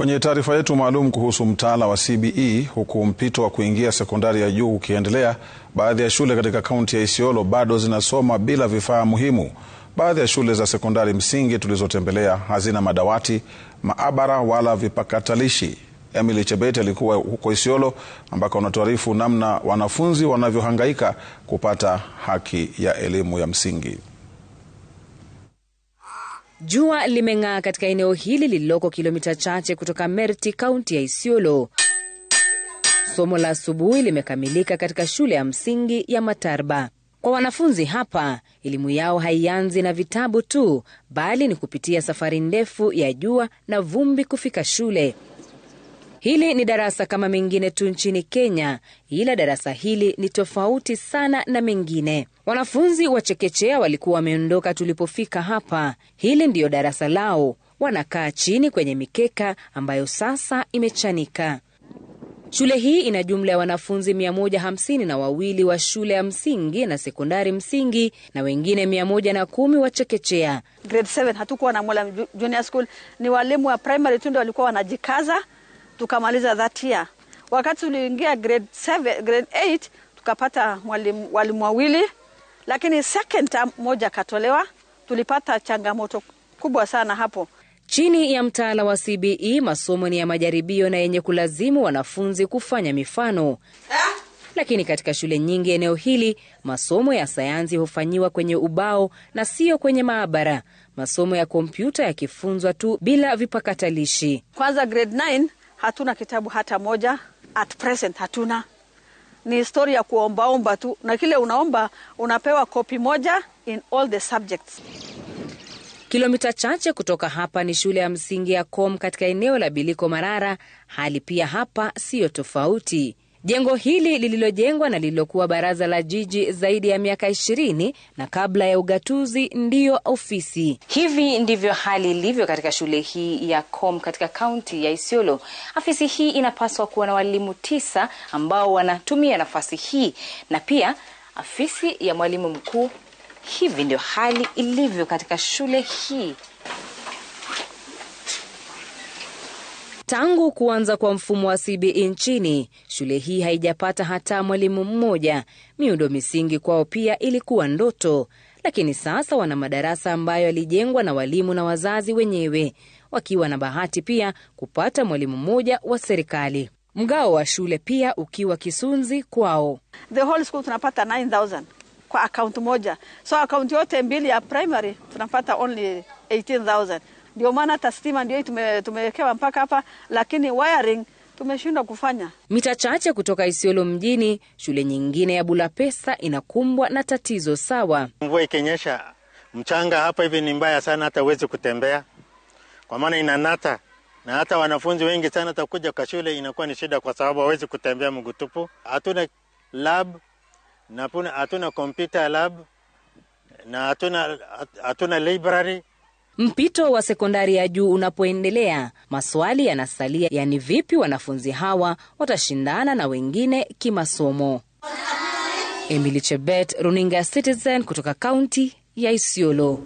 Kwenye taarifa yetu maalum kuhusu mtaala wa CBE, huku mpito wa kuingia sekondari ya juu ukiendelea, baadhi ya shule katika kaunti ya Isiolo bado zinasoma bila vifaa muhimu. Baadhi ya shule za sekondari msingi tulizotembelea hazina madawati, maabara wala vipakatalishi. Emily Chebet alikuwa huko Isiolo ambako anatuarifu namna wanafunzi wanavyohangaika kupata haki ya elimu ya msingi. Jua limeng'aa katika eneo hili lililoko kilomita chache kutoka Merti, kaunti ya Isiolo. Somo la asubuhi limekamilika katika shule ya msingi ya Matarba. Kwa wanafunzi hapa, elimu yao haianzi na vitabu tu, bali ni kupitia safari ndefu ya jua na vumbi kufika shule. Hili ni darasa kama mengine tu nchini Kenya, ila darasa hili ni tofauti sana na mengine. Wanafunzi wa chekechea walikuwa wameondoka tulipofika hapa. Hili ndiyo darasa lao, wanakaa chini kwenye mikeka ambayo sasa imechanika. Shule hii ina jumla ya wanafunzi mia moja hamsini na wawili wa shule ya msingi na sekondari msingi na wengine mia moja na kumi wa chekechea. Grade 7 hatukuwa na mwalimu Junior School, ni walimu wa primary tu ndio walikuwa wanajikaza tukamaliza that year. Wakati tuliingia grade 7, grade 8 tukapata walimu walimu wawili, lakini second term moja katolewa. Tulipata changamoto kubwa sana hapo. Chini ya mtaala wa CBE masomo ni ya majaribio na yenye kulazimu wanafunzi kufanya mifano ha? Eh? Lakini katika shule nyingi eneo hili masomo ya sayansi hufanyiwa kwenye ubao na sio kwenye maabara, masomo ya kompyuta yakifunzwa tu bila vipakatalishi. Kwanza grade hatuna kitabu hata moja at present, hatuna ni historia ya kuombaomba tu, na kile unaomba unapewa kopi moja in all the subjects. Kilomita chache kutoka hapa ni shule ya msingi ya com katika eneo la Biliko Marara. Hali pia hapa siyo tofauti. Jengo hili lililojengwa na lililokuwa baraza la jiji zaidi ya miaka ishirini na kabla ya ugatuzi ndiyo ofisi. Hivi ndivyo hali ilivyo katika shule hii ya COM katika kaunti ya Isiolo. Afisi hii inapaswa kuwa na walimu tisa ambao wanatumia nafasi hii na pia afisi ya mwalimu mkuu. Hivi ndio hali ilivyo katika shule hii Tangu kuanza kwa mfumo wa CBE nchini, shule hii haijapata hata mwalimu mmoja. Miundo misingi kwao pia ilikuwa ndoto, lakini sasa wana madarasa ambayo yalijengwa na walimu na wazazi wenyewe, wakiwa na bahati pia kupata mwalimu mmoja wa serikali, mgao wa shule pia ukiwa kisunzi kwao. The whole school tunapata 9000 kwa akaunti moja, so akaunti yote mbili ya primary tunapata only 18000 ndio maana hata stima ndio tume, tumewekewa mpaka hapa, lakini wiring tumeshindwa kufanya. Mita chache kutoka Isiolo mjini, shule nyingine ya Bulapesa inakumbwa na tatizo sawa. Mvua ikinyesha mchanga hapa hivi ni mbaya sana, hata huwezi kutembea kwa maana inanata, na hata wanafunzi wengi sana takuja kwa shule inakuwa ni shida, kwa sababu hawezi kutembea mguu tupu. Hatuna lab na hatuna computer lab na hatuna hatuna library Mpito wa sekondari ya juu unapoendelea, maswali yanasalia yani vipi wanafunzi hawa watashindana na wengine kimasomo. Emily Chebet, Runinga Citizen, kutoka kaunti ya Isiolo.